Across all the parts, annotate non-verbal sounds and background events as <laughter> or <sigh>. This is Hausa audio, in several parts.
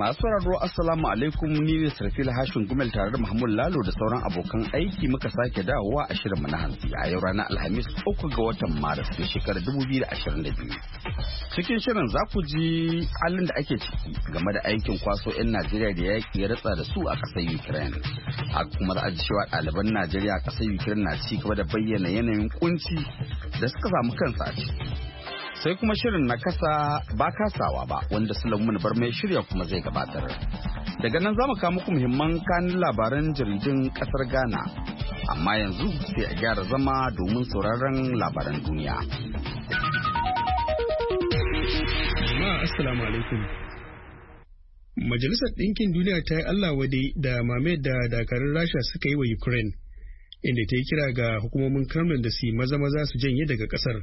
Masu raro Assalamu alaikum ni ne Sarfil Hashin Gumel tare da Mahmud Lalo da sauran abokan aiki muka sake dawowa a shirinmu na hantsi a yau ranar Alhamis uku ga watan Maris na shekarar biyu. Cikin shirin za ku ji halin da ake ciki game da aikin kwaso 'yan Najeriya da yaƙi ya ratsa da su a ƙasar Ukraine. A kuma za a ji cewa ɗaliban Najeriya a ƙasar Ukraine na ci gaba da bayyana yanayin kunci da suka samu kansa a ciki. sai kuma shirin na kasa ba kasawa ba wanda Sulaiman bar mai shirya kuma zai gabatar. Daga nan za mu kawo muku muhimman kanin labaran jaridun kasar Ghana. Amma yanzu sai a gyara zama domin sauraron labaran duniya. Jama'a Assalamu alaikum. Majalisar Ɗinkin Duniya ta yi Allah wade da mame da dakarun Rasha suka yi wa Ukraine, inda ta yi kira ga hukumomin Kremlin da su maza-maza su janye daga ƙasar.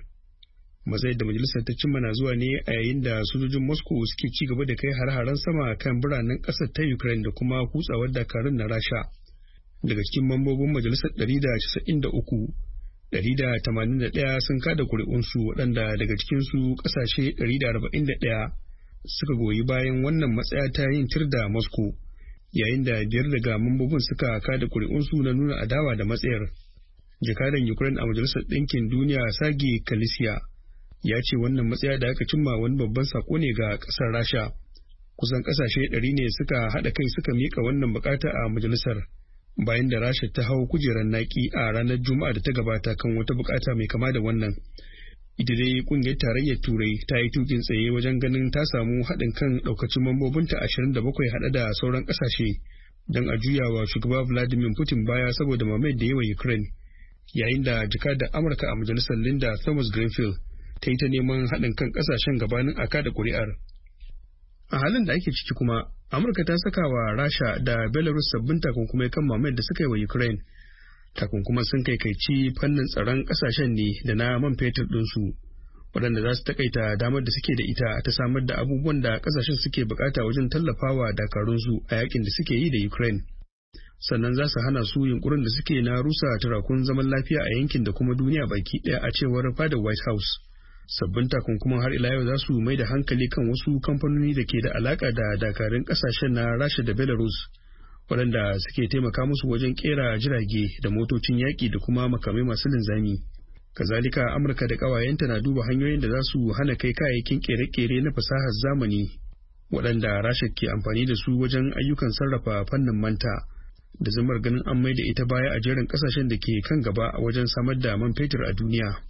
Matsayar da majalisar ta cimma na zuwa ne a yayin da sojojin moscow suke ci gaba da kai har-haren sama kan biranen ƙasar ta ukraine da kuma kutsawar dakarun na rasha daga cikin mambobin majalisar 193 181 sun kada kuri'unsu waɗanda daga cikinsu ƙasashe 141 suka goyi bayan wannan matsaya ta yin tir da moscow yayin da biyar daga mambobin suka kada kuri'unsu na nuna adawa da matsayar jakadan ukraine a majalisar ɗinkin duniya sage kalisiya ya ce wannan matsaya da aka cimma wani babban sako ne ga ƙasar rasha kusan ƙasashe ɗari ne suka haɗa kai suka miƙa wannan buƙata a majalisar bayan da rasha ta hau kujerar naƙi a ranar juma'a da ta gabata kan wata buƙata mai kama da wannan ita dai ƙungiyar tarayyar turai ta yi tukin tsaye wajen ganin ta samu haɗin kan ɗaukacin mambobinta ashirin da bakwai haɗe da sauran ƙasashe don a juya wa shugaba vladimir putin baya saboda mamayar da yawa ukraine yayin da da amurka a majalisar linda thomas greenfield ta yi ta neman haɗin kan ƙasashen gabanin aka da ƙuri'ar. A halin da ake ciki kuma, Amurka ta saka wa Rasha da Belarus sabbin takunkumai kan mamayar da suka yi wa Ukraine. Takunkuman sun kai kaikaici fannin tsaron ƙasashen ne da na man fetur ɗinsu, waɗanda za su taƙaita damar da suke da ita ta samar da abubuwan da ƙasashen suke buƙata wajen tallafawa dakarunsu a yakin da suke yi da Ukraine. sannan za su hana su yunkurin da suke na rusa turakun zaman lafiya a yankin da kuma duniya baki ɗaya a cewar fadar white house sabbin takunkuman har ila yau za su mai da hankali kan wasu kamfanoni da ke da alaka da dakarun kasashen na rasha da belarus waɗanda suke taimaka musu wajen kera jirage da motocin yaƙi da kuma makamai masu linzami kazalika amurka da ƙawayenta na duba hanyoyin da za su hana kai kayayyakin ƙere-ƙere na fasahar zamani waɗanda rasha ke amfani da su wajen ayyukan sarrafa fannin manta da zamar ganin an mai da ita baya a jerin ƙasashen da ke kan gaba a wajen samar da man fetur a duniya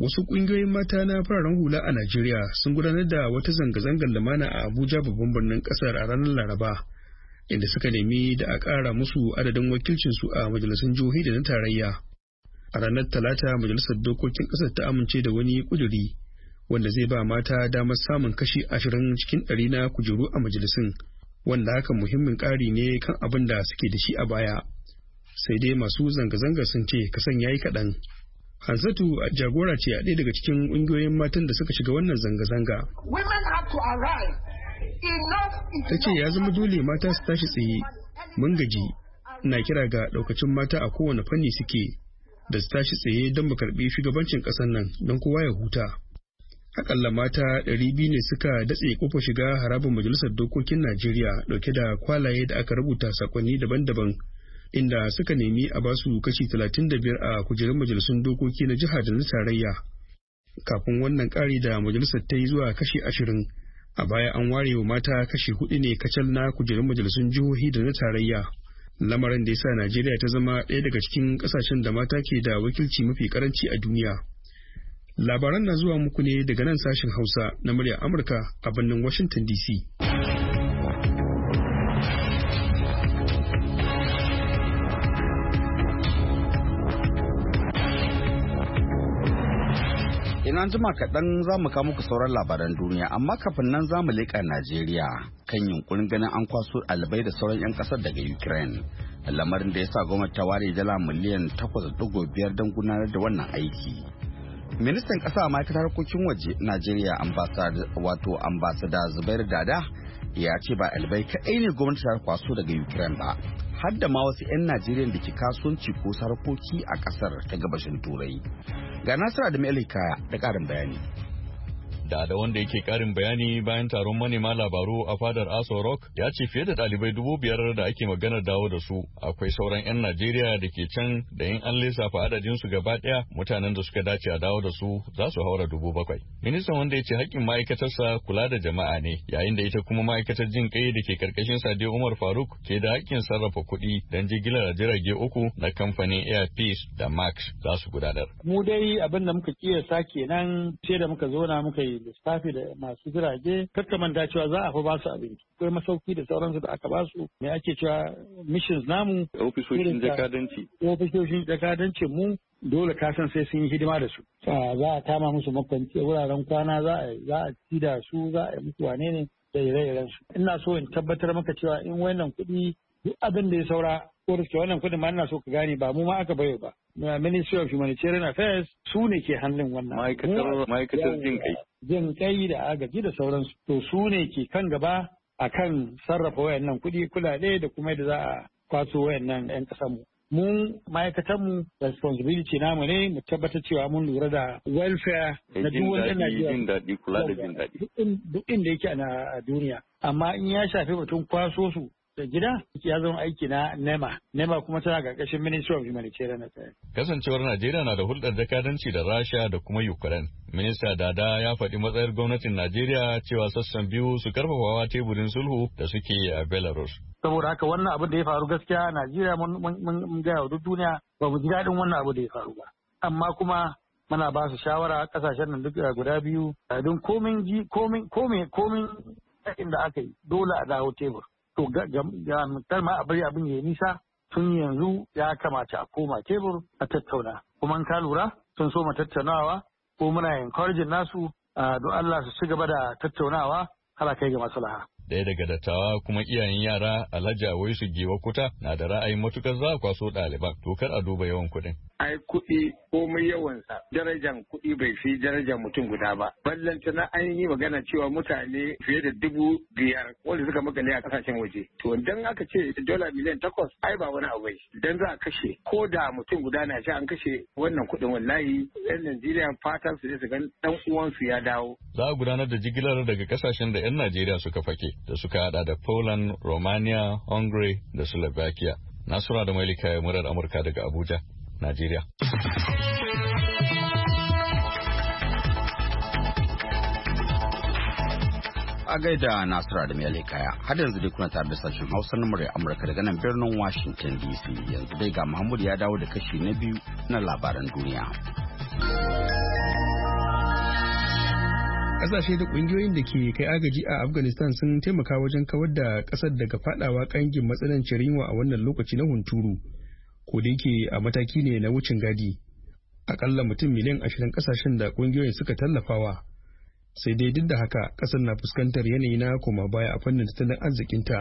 wasu ƙungiyoyin mata na fararen hula a Najeriya sun gudanar da wata zanga-zangar lamana a Abuja babban birnin kasar a ranar Laraba inda suka nemi da a ƙara musu adadin wakilcinsu a majalisun jihohi da na tarayya. A ranar Talata majalisar dokokin ƙasar ta amince da wani ƙuduri wanda zai ba mata damar samun kashi ashirin cikin ɗari na kujeru a majalisun wanda haka muhimmin ƙari ne kan abin da suke da shi a baya. Sai dai masu zanga-zanga sun ce kasan ya yi kaɗan. Hansatu jagora ce a ɗaya daga cikin ƙungiyoyin matan da suka shiga wannan zanga-zanga. Ta ce ya zama dole mata su tashi tsaye, mun gaji, na kira ga ɗaukacin mata a kowane fanni suke, da su tashi tsaye don mu karɓi shugabancin ƙasar nan don kowa ya huta. Akalla mata ɗari biyu ne suka datse kofar shiga harabin majalisar dokokin Najeriya ɗauke da kwalaye da aka rubuta sakonni daban-daban inda suka nemi a basu kashi 35 a kujerun majalisun dokoki na jiha da na tarayya kafin wannan ƙari da majalisar ta yi zuwa kashi 20 a baya an ware wa mata kashi hudu ne kacal na kujerun majalisun jihohi da na tarayya lamarin da ya sa najeriya ta zama ɗaya daga cikin ƙasashen da mata ke da wakilci mafi karanci a duniya labaran na zuwa muku ne daga nan sashen hausa na murya amurka a birnin washington dc Ina jima kaɗan za mu kawo muku sauran labaran duniya amma kafin nan za mu leƙa Najeriya kan yunkurin ganin an kwaso albai da sauran 'yan ƙasar daga Ukraine. Lamarin da ya sa gwamnati ta ware dala miliyan 8.5 don gudanar da wannan aiki. Ministan ƙasa a ma'aikatar harkokin waje Najeriya wato ambasada Zubair Dada ya ce ba albai kaɗai ne gwamnati ta kwaso daga Ukraine ba. har ma wasu 'yan Najeriya da ke kasuwanci ko sarakoki a kasar ta gabashin Turai. Ga Nasiru Adamu Elikaya da ƙarin bayani. Da da wanda yake karin bayani bayan taron manema labaru a fadar Aso Rock ya ce fiye da dalibai dubu biyar da ake maganar dawo da su akwai sauran 'yan Najeriya da ke can da in an lissafa adadin su gaba ɗaya mutanen da suka dace a dawo da su za su haura dubu bakwai. Ministan wanda ya ce hakkin ma'aikatarsa kula da jama'a ne yayin da ita kuma ma'aikatar jin kai da ke karkashin Sade Umar Faruk ke da hakkin sarrafa kuɗi don jigilar jirage uku na kamfanin Airpeace da Max za su gudanar. Mu dai abin da muka kiyasa kenan sai da muka zo na muka yi lissafi da masu jirage manta cewa za a fi ba su abinci akwai masauki da sauransu da aka ba su me ake cewa missions namu ofisoshin jakadanci ofisoshin jakadanci mu dole ka san sai sun yi hidima da su za a kama musu makwanci wuraren kwana za a ci da su za a yi musu wane ne da ire-iren su ina so in tabbatar maka cewa in wannan kuɗi duk abin da ya saura ko da suke wannan kudin ma ina so ka gane ba mu ma aka bayo ba ministry of humanitarian affairs su ne ke hannun wannan ma'aikatar jin kai jin kai da agaji da sauransu to su ne ke kan gaba a kan sarrafa wayannan kuɗi kulale da kuma da za a kwaso wayannan yan ƙasar mu ma'aikatanmu responsibility namu ne mu tabbatar cewa mun lura da welfare na duk wanda na jin daɗi kula da jin daɗi duk inda yake a duniya amma in ya shafi batun kwaso su da gida ya zama aiki na nema nema kuma tana karkashin ministry of humanitarian affairs kasancewar najeriya na da hulɗar jakadanci da rasha da kuma ukraine minista dada ya faɗi matsayar gwamnatin najeriya cewa sassan biyu su karfafawa teburin sulhu da suke a belarus saboda haka wannan abin da ya faru gaskiya a najeriya mun gaya wa duk duniya ba mu ji daɗin wannan abu da ya faru ba amma kuma muna ba su shawara kasashen nan duk eh, guda biyu eh, don komin komin komin komin da aka yi dole a dawo tebur to kar ma a bari abin ya nisa tun yanzu ya kamata a koma tebur a tattauna kuma ka lura sun so mu tattaunawa ko muna encouraging nasu a ah, Allah su ci gaba da tattaunawa kala kai ga maslaha Daya daga dattawa kuma iyayen yara Alhaji Awaisu Giwa Kuta na da ra'ayin matukar za a kwaso ɗaliban to kar a duba yawan kuɗin. ai kuɗi komai yawansa darajan kuɗi bai fi darajan mutum guda ba ballanta na an yi magana cewa mutane fiye da dubu biyar wanda suka makale a kasashen waje to dan aka ce dola miliyan takwas ai ba wani abu dan za a kashe ko da mutum guda na shi an kashe wannan kuɗin wallahi yan Najeriya fatan su ne su gan dan uwansu ya dawo za a gudanar da jigilar daga kasashen da yan Najeriya suka fake da suka hada da Poland, Romania, Hungary da Slovakia. Nasura da Malika ya murar Amurka daga Abuja, Najeriya. A gaida Nasura da Malika har yanzu dai kuna tare da sashen Hausa na murya Amurka daga nan birnin Washington DC yanzu dai ga mahmud ya dawo da kashi na biyu na labaran duniya. kasashe da kungiyoyin da ke kai agaji a afghanistan sun taimaka wajen kawar da kasar daga fadawa kangin matsanancin yunwa a wannan lokaci na hunturu ko da yake a mataki ne na wucin gadi akalla mutum miliyan ashirin kasashen da kungiyoyin suka tallafawa sai dai duk da haka kasar na fuskantar yanayi na koma baya a fannin tattalin arzikinta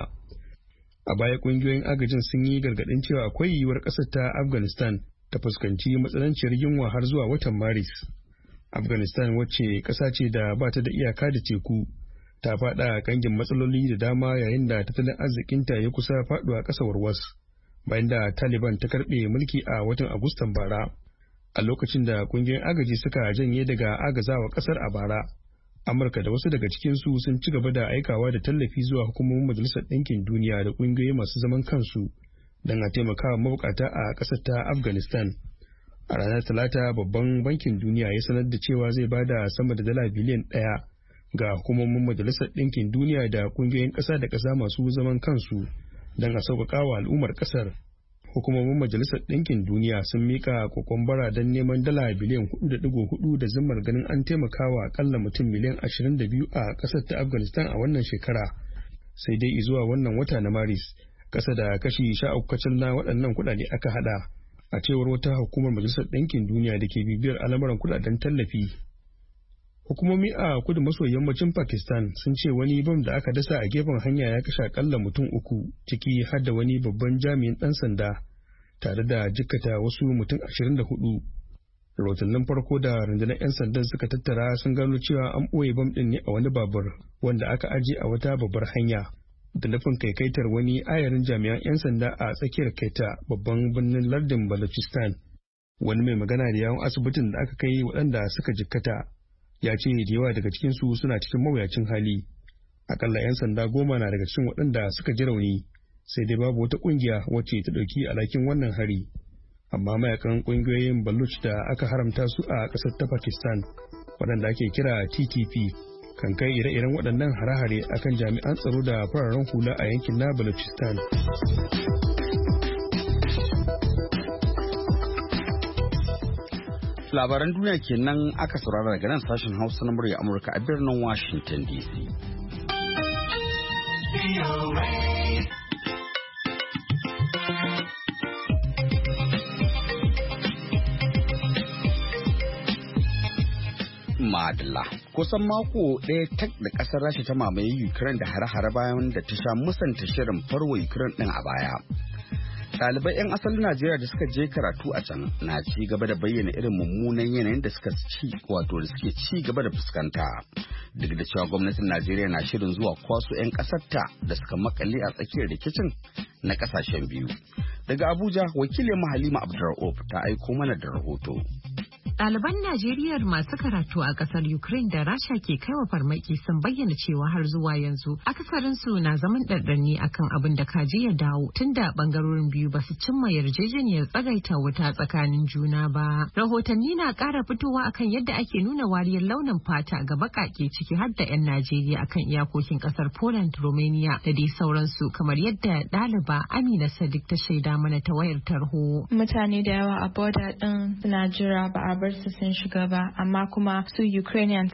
a baya kungiyoyin agajin sun yi gargadin cewa akwai yiwuwar kasar ta afghanistan ta fuskanci matsananciyar yunwa har zuwa watan maris afghanistan wacce ƙasa ce da ba ta da iyaka da teku ta faɗa kangin matsaloli da dama yayin da tattalin arzikinta ya kusa faɗuwa ƙasa warwas bayan da taliban ta karɓe mulki a watan agustan bara a lokacin da kungiyoyin agaji suka janye daga agazawa ƙasar a bara amurka da wasu daga cikinsu sun ci gaba da aikawa da tallafi zuwa hukumomin majalisar ɗinkin duniya da ƙungiyoyi masu zaman kansu don a taimaka mabukata a ƙasar ta afghanistan a ranar talata babban bankin duniya ya sanar da cewa zai bada sama da dala biliyan ɗaya ga hukumomin majalisar ɗinkin duniya da kungiyoyin ƙasa da ƙasa masu zaman kansu don a sauƙaƙa wa al'ummar ƙasar hukumomin majalisar ɗinkin duniya sun mika kokon bara don neman dala biliyan hudu da hudu da zimmar ganin an taimakawa akalla mutum miliyan ashirin da biyu a ƙasar ta afghanistan a wannan shekara sai dai zuwa wannan wata na maris ƙasa da kashi sha na waɗannan kuɗaɗe aka haɗa. a cewar wata hukumar majalisar ɗinkin duniya da ke bibiyar al'amuran kudaden tallafi hukumomi a kudu maso yammacin pakistan sun ce wani bam da aka dasa a gefen hanya ya kashe akalla mutum uku ciki har da wani babban jami'in ɗan sanda tare da jikkata wasu mutum ashirin da hudu rahotannin farko da rundunar 'yan sandan suka tattara sun gano cewa an ɓoye bam ɗin ne a wani babur wanda aka aje a wata babbar hanya da nufin kaikaitar wani ayarin jami'an 'yan sanda a tsakiyar kaita babban birnin lardin balochistan wani mai magana da yawon asibitin da aka kai waɗanda suka jikkata ya ce da yawa daga cikinsu suna cikin mawuyacin hali akalla 'yan sanda goma na daga cikin waɗanda suka ji rauni sai dai babu wata ƙungiya wacce ta ɗauki alhakin wannan hari amma mayakan ƙungiyoyin baluch da aka haramta su a ƙasar ta pakistan waɗanda ake kira ttp kan kai ire-iren waɗannan hare-hare akan jami'an tsaro da fararen hula a yankin na balochistan labaran duniya kenan aka saurara daga nan sashen hausa na murya amurka a birnin washington dc Madalla. Kusan mako ɗaya tak da ƙasar Rasha ta mamaye Ukraine da hare-hare bayan da ta sha musanta shirin farwa Ukraine ɗin a baya. Ɗalibai 'yan asalin Najeriya da suka je karatu a can na ci gaba da bayyana irin mummunan yanayin da suka ci wato da suke ci gaba da fuskanta. Duk da cewa gwamnatin Najeriya na shirin zuwa kwaso 'yan ƙasarta da suka makale a tsakiyar rikicin na ƙasashen biyu. Daga Abuja, wakilin Mahalima Abdurra'uf ta aiko mana da rahoto. Ɗaliban Najeriya masu karatu a ƙasar Ukraine da Rasha ke kaiwa farmaki sun bayyana cewa har zuwa yanzu akasarinsu na zaman ɗanɗani akan abin da kaji ya dawo tunda bangarorin biyu ba su cimma yarjejeniyar tsagaita wuta tsakanin juna ba. Rahotanni na ƙara fitowa akan yadda ake nuna wariyar launin fata ga baƙaƙe ciki har da 'yan Najeriya akan iyakokin ƙasar Poland, Romania da dai sauransu kamar yadda ɗaliba Amina Sadiq ta shaida mana ta wayar tarho. Mutane da yawa a boda ɗin suna jira ba a bar su sun shiga ba amma kuma su Ukrainians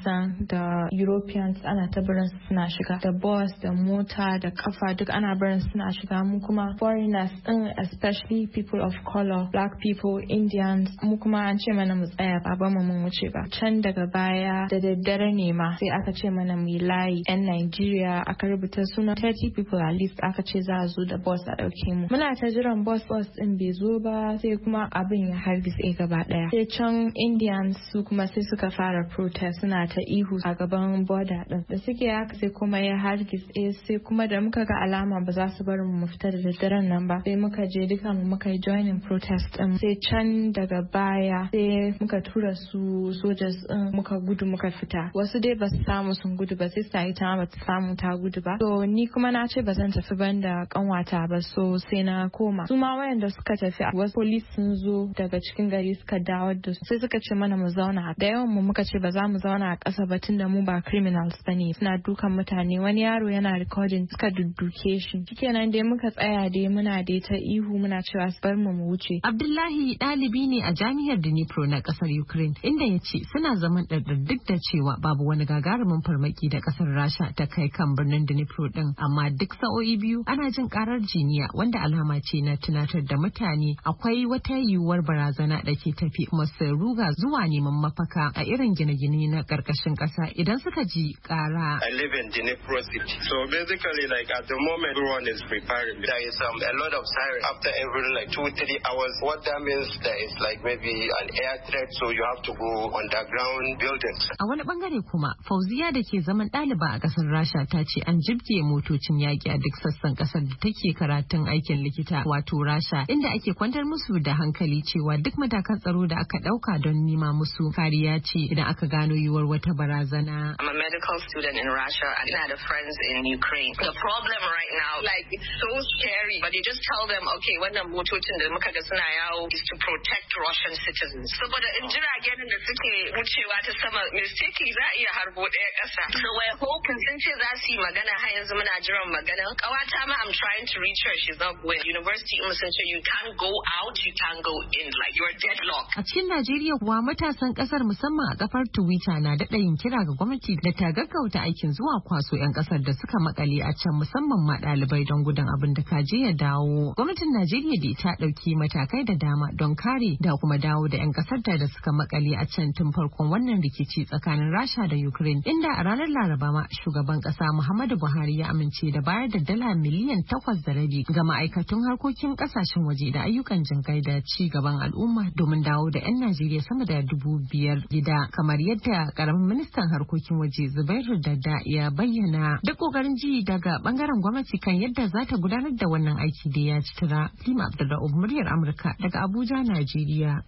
da Europeans ana ta barin su suna shiga da bus da mota da kafa duk ana barin su suna shiga mu kuma foreigners din especially people of color black people Indians mu kuma an ce mana mu tsaya ba ba mu mun wuce ba can daga baya da daddare ne ma sai aka ce mana mu layi yan Nigeria aka rubuta suna 30 people at least aka ce za a zo da bus a dauke mu muna ta jiran bus bus din bai zo ba sai kuma abin ya hargitse gaba daya sai can indians su kuma sai suka fara protest suna ta ihu a gaban border din da suke haka sai kuma ya hargitse sai kuma da muka ga alama ba za su bar mu mu fita da daddaren nan ba sai muka je duka mu muka yi joining protest din sai can daga baya sai muka tura su sojas din muka gudu muka fita wasu dai ba su samu sun gudu ba sai sai ta ba samu ta gudu ba to ni kuma na ce ba zan tafi banda kanwata ba so sai na koma su ma wayanda suka tafi wasu police sun zo daga cikin gari suka dawo da su suka ce mana mu zauna da yawan mu muka ce ba za mu zauna a ƙasa ba da mu ba criminals bane suna dukan mutane wani yaro yana recording suka dudduke shi shikenan dai muka tsaya dai muna dai ta ihu muna cewa su bar mu mu wuce Abdullahi ɗalibi ne a jami'ar Dnipro na kasar Ukraine inda ya ce suna zaman ɗarɗar duk da cewa babu wani gagarumin farmaki da kasar Rasha ta kai kan birnin Dnipro din amma duk sa'o'i biyu ana jin karar jiniya wanda alama ce na tunatar da mutane akwai wata yiwuwar barazana da ke tafi masu ruga zuwa neman mafaka a irin gine-gine na karkashin ƙasa idan suka ji kara. I live in Dnipro city. So basically like at the moment everyone is preparing. There is um, a lot of siren after every like two three hours. What that means there is like maybe an air threat so you have to go underground buildings. A wani bangare kuma Fauziya da ke zaman ɗaliba a ƙasar Rasha ta ce an jibge motocin yaƙi a duk sassan ƙasar da take karatun aikin likita wato Rasha inda ake kwantar musu da hankali cewa duk matakan tsaro da aka ɗauka don don nima musu kariya ce idan aka gano yiwuwar wata barazana. I'm a medical student in Russia and I a friends in Ukraine. The problem right now, like it's so scary, but you just tell them, okay, wannan motocin da muka ga suna yawo is to protect Russian citizens. Saboda in jiragen da suke wucewa ta sama mistake za a iya harbo ɗaya ƙasa. So we're hoping sun ce za su yi magana har yanzu muna jiran magana. Kawata ma I'm trying to reach her, she's not going. University in sun ce you can't go out, you can't go in, like you're deadlocked. A cikin Najeriya Najeriya kuwa matasan kasar musamman a kafar Twitter na daɗa yin kira ga gwamnati da ta gaggauta aikin zuwa kwaso 'yan kasar da suka makale a can musamman ma dalibai don gudun abin da je ya dawo. Gwamnatin Najeriya da ta ɗauki matakai da dama don kare da kuma dawo da 'yan kasar da suka makale a can tun farkon wannan rikici tsakanin Rasha da Ukraine inda a ranar Laraba ma shugaban kasa Muhammadu Buhari ya amince da bayar da dala miliyan takwas da rabi ga ma'aikatun harkokin kasashen waje da ayyukan jinkai da ci gaban al'umma domin dawo da 'yan Najeriya sama da dubu biyar gida kamar yadda karamin ministan harkokin waje Zubairu Dadda ya bayyana duk kokarin ji daga bangaren gwamnati kan yadda za ta gudanar da wannan aiki da ya ci tara Halima Abdulrahman muryar Amurka daga Abuja Najeriya.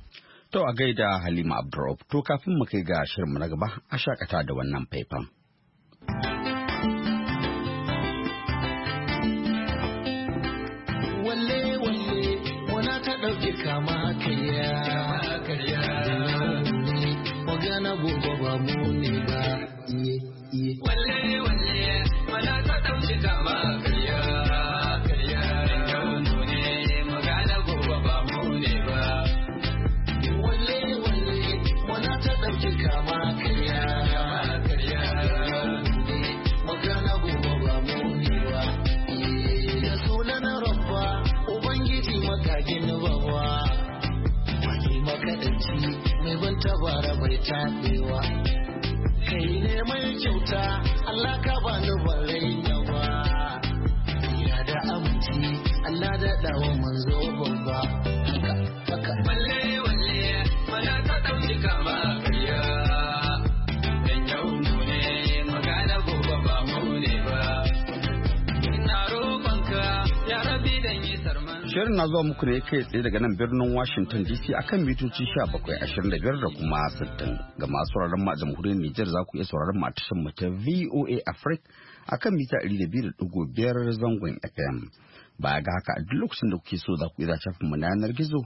To a gaida Halima Abdulrahman to kafin mu kai ga shirin na gaba a shakata da wannan faifan. ta bara bai kai ne mai kyauta Allah ka bani barai yawa ya da amci, Allah da dawo manzo babba Shirin na zuwa muku ne kai tsaye daga nan birnin Washington DC akan mitoci 1725 da kuma 60. Ga masu sauraron ma jamhuriyar Nijar za ku iya sauraron ma tashar mu ta VOA Africa akan mita 200.5 zangon FM. Ba ga haka a duk lokacin da kuke so za ku iya shafin mu na yanar gizo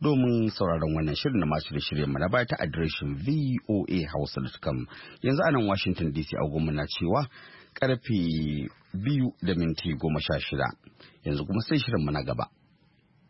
domin sauraron wannan shirin na masu shirye mu na baya ta adireshin voahausa.com. Yanzu a nan Washington DC agogo na cewa karfe biyu da minti goma sha shida. Yanzu kuma sai shirin mu na gaba.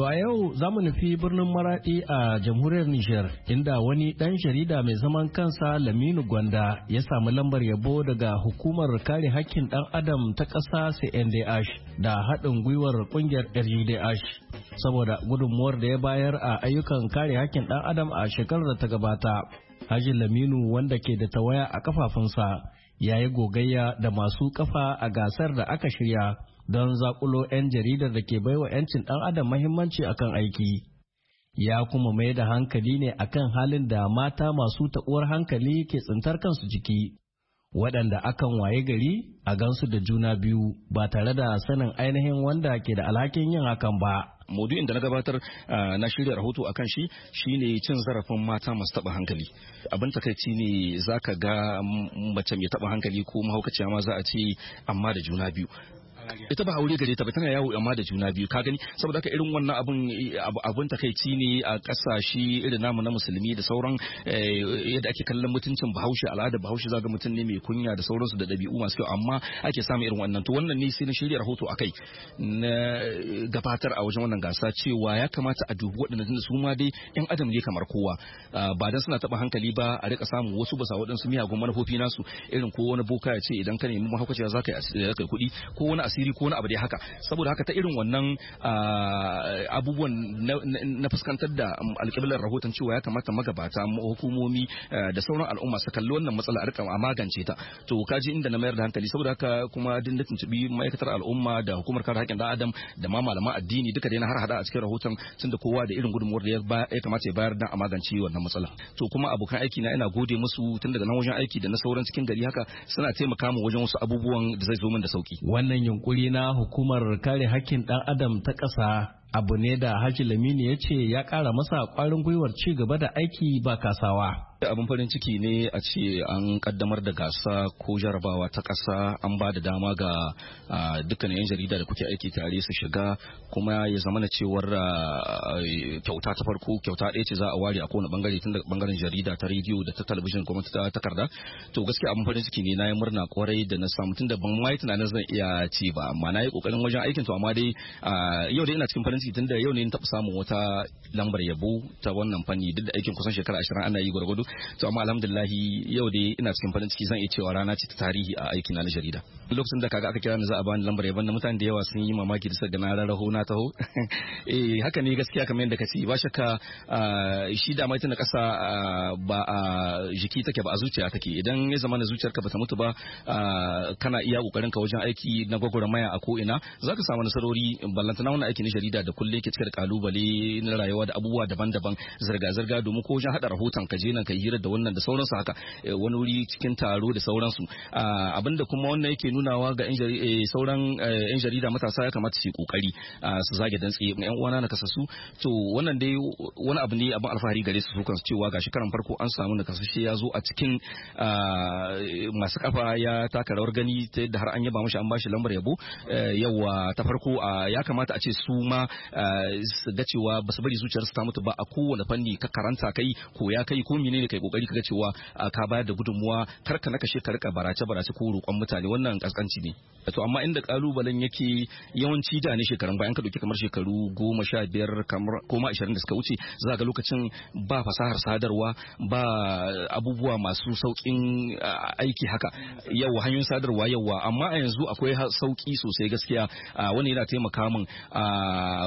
To a yau za mu nufi birnin Maraɗi a jamhuriyar Nijar inda wani ɗan jarida mai zaman kansa Laminu Gwanda ya samu lambar yabo daga hukumar kare hakkin ɗan adam ta ƙasa CNDH da haɗin gwiwar ƙungiyar RUDH saboda gudunmuwar da ya bayar a ayyukan kare hakkin ɗan adam a shekarar da ta gabata. Haji Laminu wanda ke da tawaya a kafafunsa ya yi gogayya da masu kafa a gasar da aka shirya don zakulo 'yan jaridar da ke baiwa 'yancin ɗan adam mahimmanci akan aiki. Ya kuma mai da hankali ne akan halin da mata masu taɓuwar hankali ke tsintar kansu jiki waɗanda akan waye gari a gansu da juna biyu ba tare da sanin ainihin wanda ke da alhakin yin hakan ba. maudu'in da na gabatar na shirya rahoto akan shi shine cin zarafin mata masu taba hankali abin takaici ne za ka ga mace mai taba hankali ko mahaukaciya ma za a ce amma da juna biyu ita ba aure gare ta ba tana yawo amma da juna biyu ka gani saboda haka irin wannan abun abun takaici ne a kasashe irin namu na musulmi da sauran eh, yadda ake kallon mutuncin bahaushe al'ada bahaushe zaga mutum ne mai kunya da sauransu da dabi'u masu kyau amma ake samun irin wannan to wannan ne sai na shirya rahoto akai na gabatar a wajen wannan gasa cewa ya kamata a dubi waɗannan tunda su ma dai yan adam ne kamar kowa ah, ba dan suna taba hankali ba a rika samun wasu basa waɗansu miyagun manufofi nasu irin ko wani boka ya ce idan ka nemi mahaukaciya za ka yi kuɗi ko wani asiri asiri ko wani abu dai haka saboda haka ta irin wannan ah, abubuwan na fuskantar da um, alƙiblar rahoton cewa ya kamata magabata hukumomi eh, da sauran al'umma su kalli wannan matsala a rika magance ta to ji inda na mayar da hankali saboda haka kuma din da tuntubi ma'aikatar al'umma da hukumar kare haƙƙin ɗan adam da ma malaman addini duka dai na har hada a cikin rahoton tunda kowa da irin gudunmuwar da ya kamata ya bayar dan a magance wannan matsala to kuma abokan aiki na ina gode musu tun daga nan wajen aiki da na sauran cikin gari haka suna taimaka mu wajen wasu abubuwan da zai zo min da sauki wannan yunkuri na hukumar kare hakkin ɗan adam ta ƙasa abu ne da Haji Lamini ya ce ya ƙara masa ƙwarin gwiwar ci gaba da aiki ba kasawa. abin farin ciki ne a ce an kaddamar da gasa ko jarabawa ta ƙasa an ba da dama ga dukkanin 'yan jarida da kuke aiki tare su shiga kuma ya zama na cewar kyauta ta farko kyauta ɗaya ce za a ware a kowane bangare tun daga bangaren jarida ta rediyo da ta talabijin kuma ta takarda to gaskiya abin farin ciki ne na yi murna kwarai da na samu tun da ban ma tunanin zan iya ci ba amma na yi ƙoƙarin wajen aikin to amma dai yau dai ina cikin farin tun da yau ne taɓa samun wata lambar yabo ta wannan fanni duk da aikin kusan shekara ashirin ana yi gwargwado to amma alhamdulillahi yau dai ina cikin farin ciki zan iya cewa rana ce ta tarihi a aikin na jarida lokacin da kaga aka kira ni za a bani lambar yabon na mutane da yawa sun yi mamaki da suka na raho na taho <laughs> eh haka ne gaskiya kamar yadda kace ba shakka shi da mai tana kasa ba a jiki take ba a zuciya take idan ya zama na zuciyarka ta mutu ba kana iya kokarin ka wajen aiki na gwagwarmaya a ko ina zaka samu nasarori ballantana wannan aiki na jarida da kulle ke cikin da kalubale na rayuwa da abubuwa daban-daban zirga-zirga domin ko wajen haɗa rahoton ka je nan ka hira da wannan da sauransu haka eh, wani wuri cikin taro da sauransu ah, abinda kuma wannan yake nunawa ga eh, sauran yan eh, jarida matasa ya kamata su yi kokari ah, su zage dan tsaye yan uwana na kasassu to wannan dai wani abu ne abin alfahari gare su sukan cewa shi karan farko an samu na kasashe ya zo a cikin ah, masu kafa ya taka rawar gani ta yadda har an yaba mashi an bashi lambar yabo yawa ta farko ya kamata a ce su ma Eh, su ga cewa ba su bari zuciyar su ta mutu ba a kowane fanni ka karanta kai koya kai ko menene kai kokari kaga cewa ah, ka bayar da gudunmuwa kar ka nakashe ka rika barace barace ko roƙon mutane wannan kaskanci ne to amma inda kalubalen yake yawanci da ne shekarun bayan ka dauki kamar shekaru goma sha biyar kamar koma ashirin da suka wuce za ga lokacin ba fasahar sadarwa ba abubuwa masu sauƙin ah, aiki haka yau hanyoyin sadarwa yauwa amma a yanzu akwai sauƙi sosai gaskiya ah, wani yana taimaka min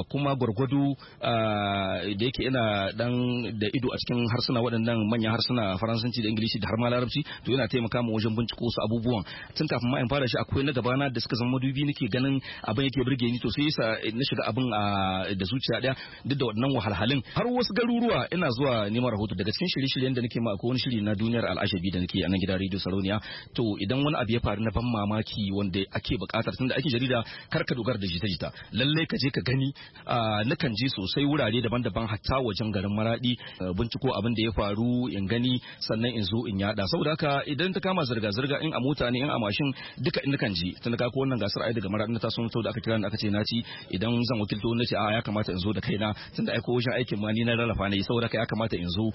kuma gwargwado ah, da yake ina dan da ido a cikin harsuna waɗannan manyan harsuna faransanci da ingilishi da har ma larabci to yana taimaka mu wajen binciko su abubuwan tun kafin ma in fara shi akwai na gabana da suka zama madubi nake ganin abin yake burge ni to sai yasa na shiga abin ah, da zuciya daya duk da waɗannan wahalhalun har wasu garuruwa ina zuwa neman rahoto daga cikin shirye-shiryen da nake ma akwai wani shiri na duniyar al'ashabi da nake a nan gidan rediyo sarauniya to idan wani abu ya faru na ban mamaki wanda ake buƙatar tunda ake jarida kar ka dogara da jita-jita lallai ka je ka gani nakan ji sosai wurare daban-daban hatta wajen garin maradi eh, binciko abin da ya faru in gani sannan in zo in yada saboda haka idan ta kama zirga-zirga in a mota ne in a mashin duka in nakan ji tun ka ko wannan gasar ai daga maradi ta sun da aka kira ni aka ce na ci idan zan wakilto na ce a ya kamata in zo da kaina tunda ai ko wajen aikin ma ni na rarrafa ne saboda haka ya kamata in zo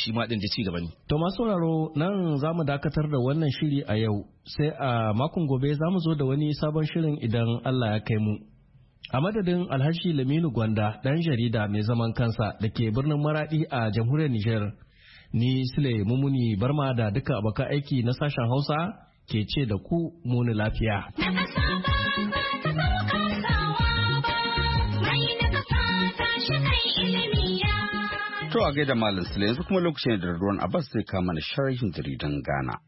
shi ma din da ci gaba ne to masu sauraro nan zamu dakatar da wannan shiri a yau sai a makon gobe zamu zo da wani sabon shirin idan Allah ya kai mu A madadin Alhashi Laminu Gwanda ɗan jarida mai zaman kansa da ke birnin Maraɗi a jamhuriyar Nijar, ni Sule Mumuni Barma da duka abokan aiki na sashen Hausa ke ce da ku muni lafiya. To a gaida Malam Sule yanzu kuma lokacin da Ruwan Abbas zai kama na sharhin jaridan Ghana.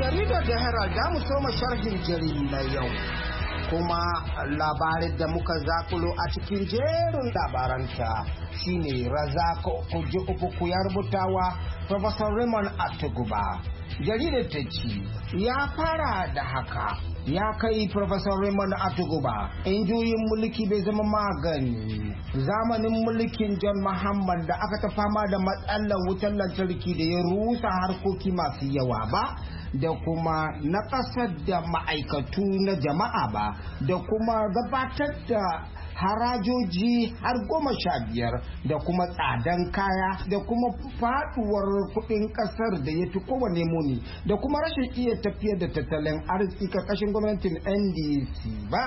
jaridar da herald da mu soma sharhin jaridar na yau kuma labarin da muka zakulo a cikin jerin labaranta shine razaka kuji uku ya rubutawa professor raymond atuguba jaridar ta ci ya fara da haka ya kai professor raymond atuguba injuyin mulki bai zama magani zamanin mulkin john muhammad da aka ta fama da matsalar wutar lantarki da ya rusa harkoki masu yawa ba da kuma na ƙasar da ma'aikatu na jama'a ba da kuma gabatar da harajoji har goma sha biyar da kuma tsadan kaya da kuma faduwar kuɗin ƙasar da ya fi kowane muni da kuma rashin iya tafiyar da tattalin arziki ƙarƙashin gwamnatin ndc ba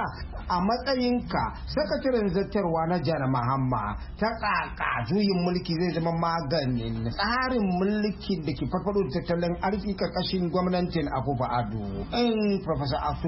a matsayinka sakataren zartarwa na jana mahamma ta tsaka juyin mulki zai zama maganin tsarin mulkin da ke farfado da tattalin arziki ƙarƙashin gwamnatin abubu ado in professor asu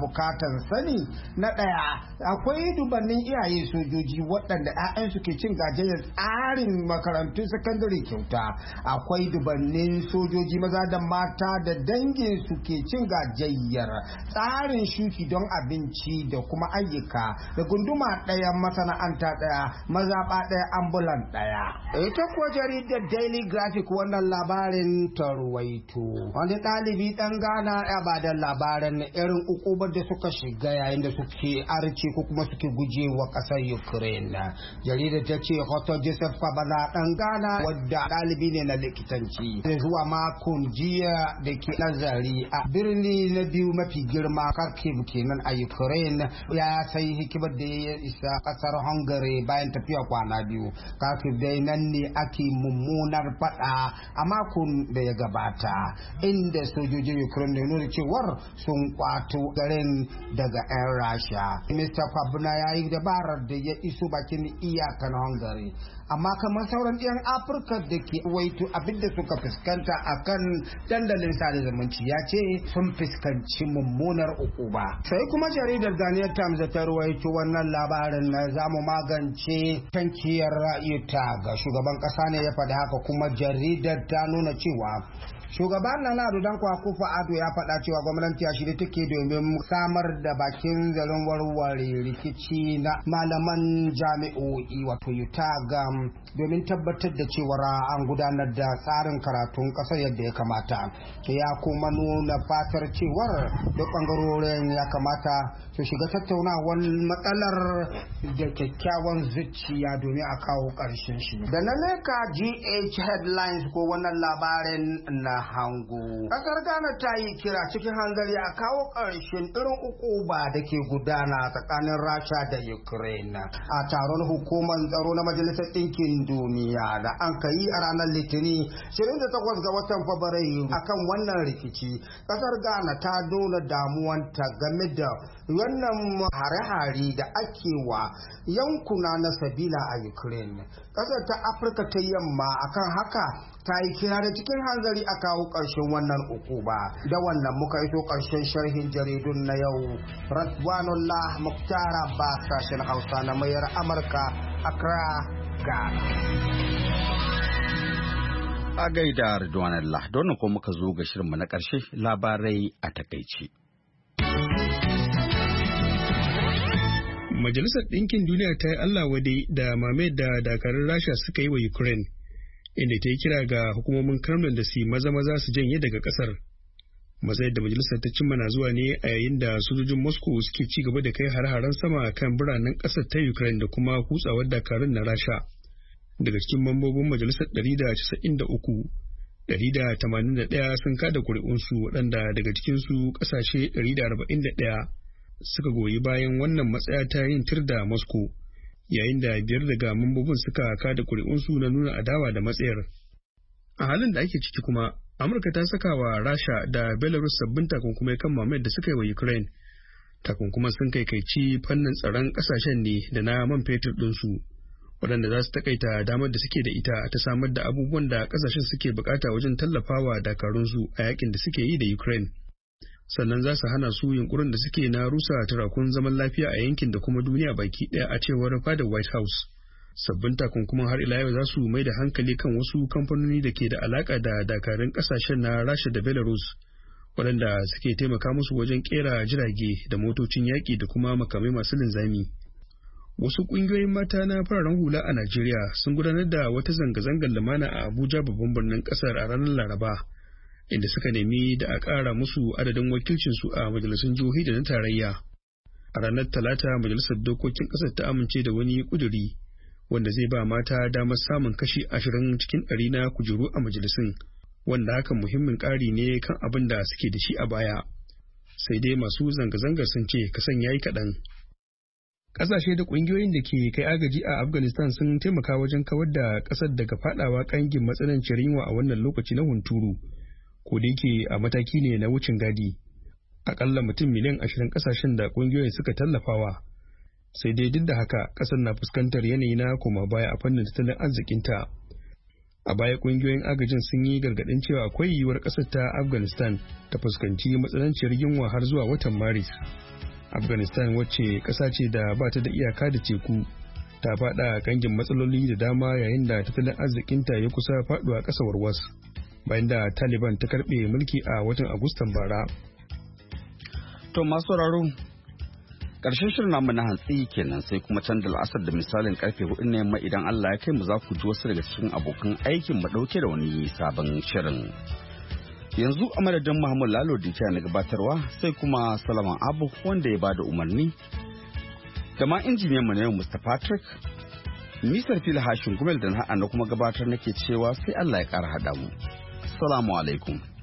bukatar sani na ɗaya akwai dubannin tsakanin iyaye sojoji waɗanda 'ya'yansu ke cin gajiyar tsarin makarantun sakandare kyauta akwai dubannin sojoji maza da mata da dangin su ke cin gajayyar tsarin shuki don abinci da kuma ayyuka da gunduma ɗaya masana'anta ɗaya mazaɓa ɗaya ambulan ɗaya ita kuwa jaridar daily graphic wannan labarin ta ruwaito wani ɗalibi ɗan gana ya ba da labarin irin ukubar da suka shiga yayin da suke arce ko kuma suke guje wa kasar ukraine jaridar ta ce hoto joseph kwabala dan ghana wadda ɗalibi ne na likitanci zuwa makon jiya da ke nazari a birni na biyu mafi girma kharkiv kenan a ukraine ya sai hikimar da ya isa kasar hungary bayan tafiya kwana biyu kharkiv dai nan ne ake mummunar fada a makon da ya gabata inda sojojin ukraine ne nuna cewar sun kwato garin daga 'yan rasha mr kwabna ya yi da dabarar da ya iso bakin iyakan hungary amma kamar sauran 'yan afirka da ke waito abinda suka fuskanta a kan dandalin sada zumunci ya ce sun fuskanci mummunar ukuba sai kuma jaridar daniel times ta ruwaito wannan labarin na zamu magance tankiyar ra'ayuta ga shugaban kasa ne ya faɗi haka kuma jaridar ta nuna cewa shugaban na ado dan kwakufa ado ya faɗa cewa gwamnati ya shirya take domin samar da bakin zalin warware rikici na malaman jami'o'i wato yuta ga domin tabbatar da cewar an gudanar da tsarin karatun ƙasar yadda ya kamata ya kuma nuna fatar cewar duk bangarorin ya kamata su shiga tattaunawar matsalar da kyakkyawan zuciya domin a kawo ƙarshen shi da na leka gh headlines ko wannan labarin na hango ƙasar ghana ta yi kira cikin hanzari a kawo ƙarshen irin uku ba da ke gudana tsakanin rasha da ukraine a taron hukumar tsaro na majalisar ɗin ɗinkin duniya da an ka a ranar litinin 28 ga watan fabrairu akan wannan rikici ƙasar ghana ta nuna ta game da wannan hare-hare da ake wa yankuna na sabila a ukraine ƙasar ta afirka ta yamma akan haka ta yi kira da cikin hanzari a kawo ƙarshen wannan ukuba da wannan muka iso ƙarshen sharhin jaridun na yau radwanullah muktara ba sashen hausa na mayar amurka accra Afirka. A gaida Ridwan Allah, don ko muka zo ga shirinmu na ƙarshe labarai a takaici. Majalisar Ɗinkin Duniya ta yi Allah wade da mamayar da dakarun Rasha suka yi wa Ukraine, inda ta yi kira ga hukumomin Kremlin da su maza-maza su janye daga ƙasar. matsayar da majalisar ta cimma na zuwa ne a yayin da sojojin moscow suke ci gaba da kai har-haren sama kan biranen ƙasar ta ukraine da kuma kutsawar dakarun na rasha daga cikin mambobin majalisar 193 181 sun kada kuri'unsu waɗanda daga cikinsu ƙasashe 141 suka goyi bayan wannan matsaya ta yin tir da moscow yayin da biyar daga mambobin suka kada kuri'unsu na nuna adawa da matsayar a halin da ake ciki kuma amurka ta saka wa rasha da belarus sabbin takunkumai kan mamayar da suka yi wa ukraine takunkuman sun kai kaikaici fannin tsaron kasashen ne da na man fetur ɗinsu waɗanda za su takaita damar da suke da ita ta samar da abubuwan da kasashen suke bukata wajen tallafawa dakarunsu a yakin da suke yi da ukraine sannan za su hana su yunkurin da suke na rusa turakun zaman lafiya a yankin da kuma duniya baki ɗaya a cewar fadar white house sabbin takunkuman har ila yau za su mai da hankali kan wasu kamfanoni da ke da alaka da dakarun kasashen na rasha da belarus waɗanda suke taimaka musu wajen kera jirage da motocin yaƙi da kuma makamai masu linzami wasu ƙungiyoyin mata na fararen hula a najeriya sun gudanar da wata zanga-zangar lumana a abuja babban birnin ƙasar a ranar laraba inda suka nemi da a ƙara musu adadin wakilcinsu a majalisun jihohi da na tarayya a ranar talata majalisar dokokin ƙasar ta amince da wani ƙuduri wanda zai ba mata damar samun kashi ashirin cikin ɗari na kujeru a majalisun wanda haka muhimmin ƙari ne kan abin da suke da shi a baya sai dai masu zanga-zangar sun ce kasan ya yi kaɗan ƙasashe da ƙungiyoyin da ke kai agaji a afghanistan sun taimaka wajen kawar da ƙasar daga faɗawa ƙangin matsanancin yunwa a wannan lokaci na hunturu ko da yake a mataki ne na wucin gadi akalla mutum miliyan ashirin ƙasashen da ƙungiyoyin suka tallafawa sai dai duk da haka kasar na fuskantar yanayi na koma baya a fannin tattalin arzikinta a baya kungiyoyin agajin sun yi gargadin cewa akwai yiwuwar kasar ta afghanistan ta fuskanci matsananciyar yunwa har zuwa watan maris afghanistan wacce kasa ce da ba ta da iyaka da teku ta fada kangin matsaloli da dama yayin da tattalin arzikinta ya kusa faduwa kasa warwas bayan da taliban ta karbe mulki a watan agustan bara to masu sauraro Karshen shirin namu na hantsi kenan sai kuma can la'asar da misalin karfe hudu ne yamma idan Allah ya kai mu za ku ji wasu daga cikin abokan aikin mu ɗauke da wani sabon shirin. Yanzu a madadin Muhammad Lalo Dinkiya na gabatarwa sai kuma Salaman Abu wanda ya bada umarni. Da ma injiniyan mu na yau Mr. Patrick. Misar fil hashin gumel da na kuma gabatar nake cewa sai Allah ya kara hada mu. Salamu alaikum.